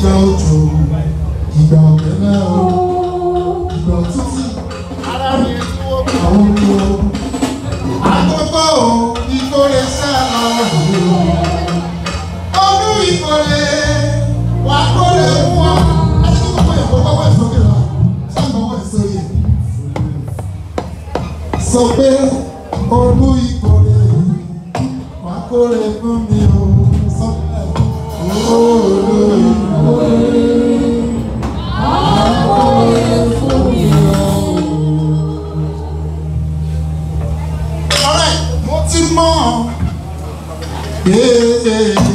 ìgbà òjò ìgbà ọ̀gbẹ́lẹ̀ o ìgbà òtútù àwọn olùkọ́ àkọ́kọ́ o ìkórè sáà ọdún ìkórè wà kórè fún ọ. Sọ pé olú ìkórè wà kórè fún mi o sọ pé olú ìkórè. yeah.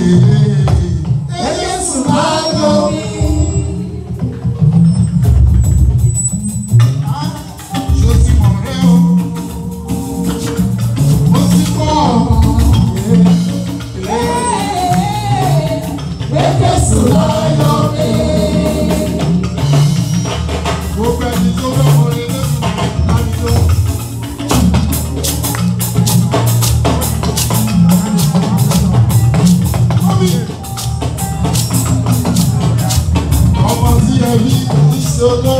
so good.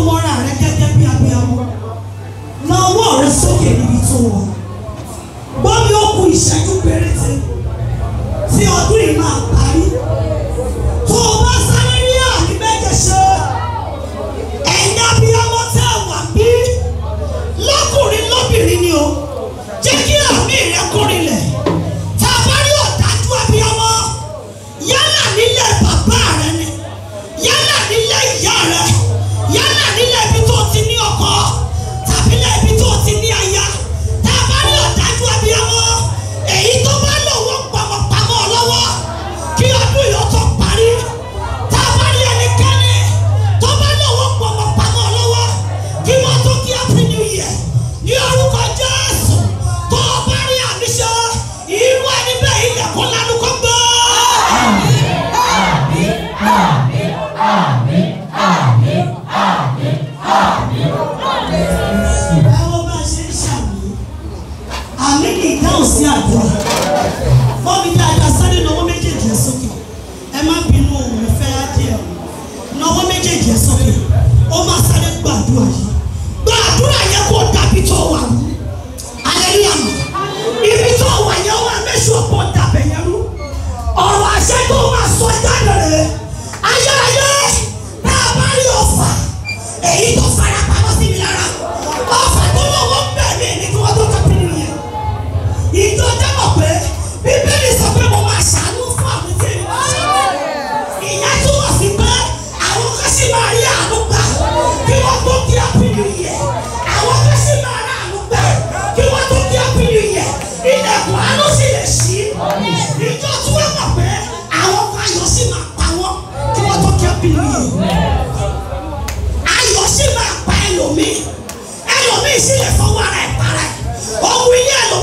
more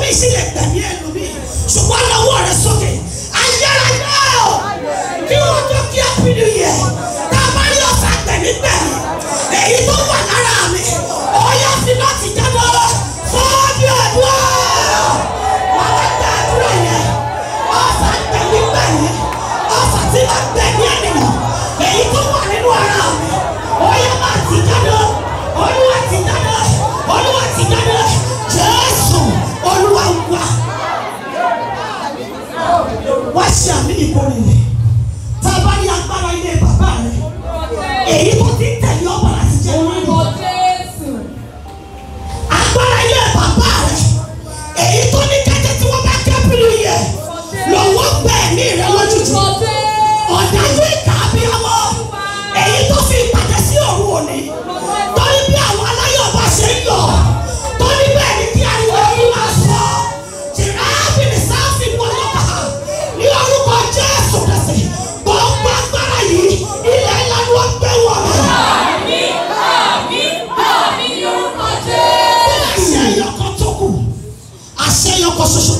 Isn't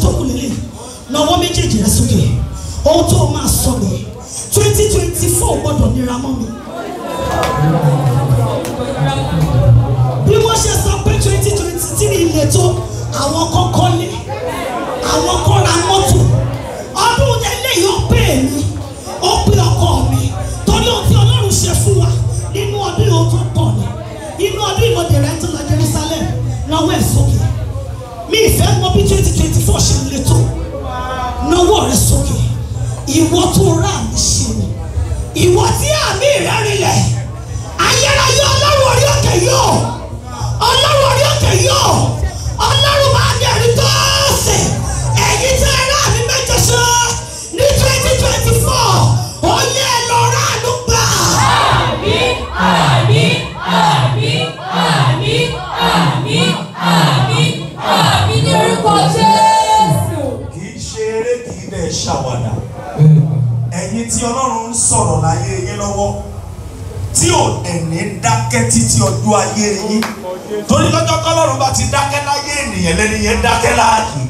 tó kù nílẹ̀ lọ́wọ́ méjèèjì rẹ sókè ohun tó máa sọ ni twenty twenty four gbọ́dọ̀ nira mọ́ mi. bí wọ́n ṣe sọ pé twenty twenty three ilé tó àwọn kọ́kọ́ lé àwọn kọ́ra lu ayé yín torí lọ́jọ́ kọ́lọ́run bá ti dákẹ́ láyé ènìyàn lẹ́ni yẹn dákẹ́ láàyè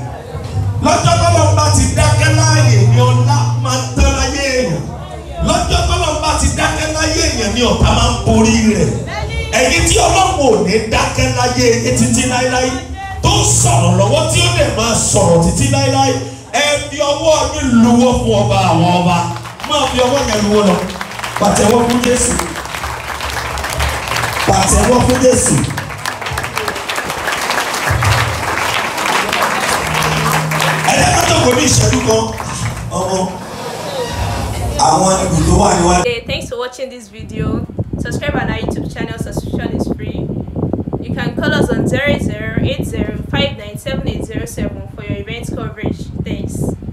lọ́jọ́ kọ́lọ́run bá ti dákẹ́ láàyè ni ọlá máa ń tán láyé èèyàn lọ́jọ́ kọ́lọ́run bá ti dákẹ́ láyé èèyàn ni ọ̀tá máa ń borí rẹ̀ ẹ̀yin tí ọlọ́run ò ní dákẹ́ láyé títí láéláé tó ń sọ̀rọ̀ lọ́wọ́ tí ó dẹ̀ máa sọ̀rọ̀ títí láéláé ẹ fi ọwọ́ mi luwọ́ fún ọba àwọn ọba máa fi ọwọ́ yẹn luwọ́ lọ pàtẹ́wọ́ fún Jésù. fún Jésù. ní ìṣẹ́jú kan ọmọ àwọn ibùdó wà Hey, thanks for watching this video. Subscribe on our YouTube channel. Subscription is free. You can call us on zero zero eight zero five nine seven eight zero seven for your event coverage. Thanks.